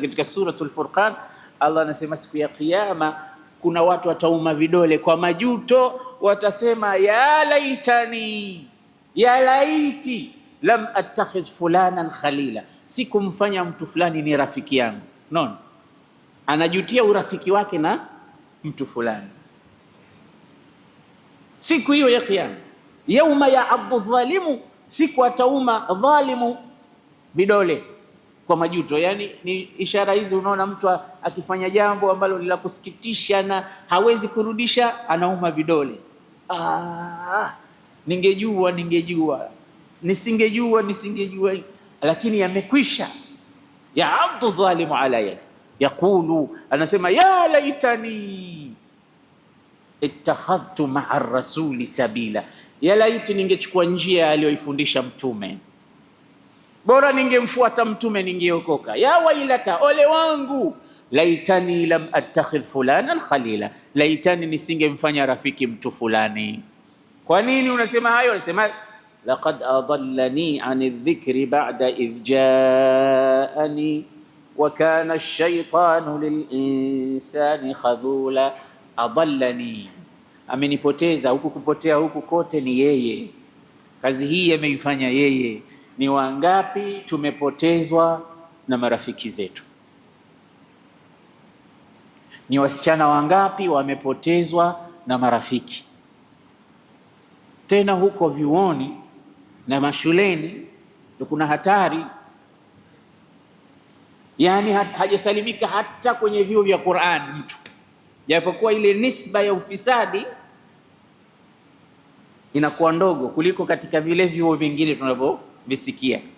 Katika Suratul Furqan Allah anasema siku ya Kiyama kuna watu watauma vidole kwa majuto, watasema ya laitani, ya laiti lam attakhidh fulanan khalila, sikumfanya mtu fulani ni rafiki yangu. Non, anajutia urafiki wake na mtu fulani siku hiyo ya Kiyama. Yauma ya abdu dhalimu, siku atauma dhalimu vidole kwa majuto. yani ni ishara hizi, unaona mtu akifanya jambo ambalo ni la kusikitisha na hawezi kurudisha, anauma vidole. Ah, ningejua ningejua, nisingejua nisingejua, lakini yamekwisha. ya abdu dhalimu ala yadi yaqulu, anasema ya laitani ittakhadhtu maa rasuli sabila, ya laiti ningechukua njia aliyoifundisha Mtume bora ningemfuata mtume ningeokoka. ya wailata, ole wangu, laitani lam attakhidh fulanan khalila, laitani nisingemfanya rafiki mtu fulani. Kwa nini unasema hayo? Unasema laqad adallani ani dhikri ba'da idh jaani wa kana ash-shaytanu lil-insani khadhula. Adallani, amenipoteza. Huku kupotea huku kote ni yeye, kazi hii ameifanya yeye ni wangapi tumepotezwa na marafiki zetu? Ni wasichana wangapi wamepotezwa na marafiki? Tena huko vyuoni na mashuleni ndio kuna hatari, yaani hajasalimika hata kwenye vyuo vya Qur'an mtu, japokuwa ile nisba ya ufisadi inakuwa ndogo kuliko katika vile vyuo vingine tunavyo que é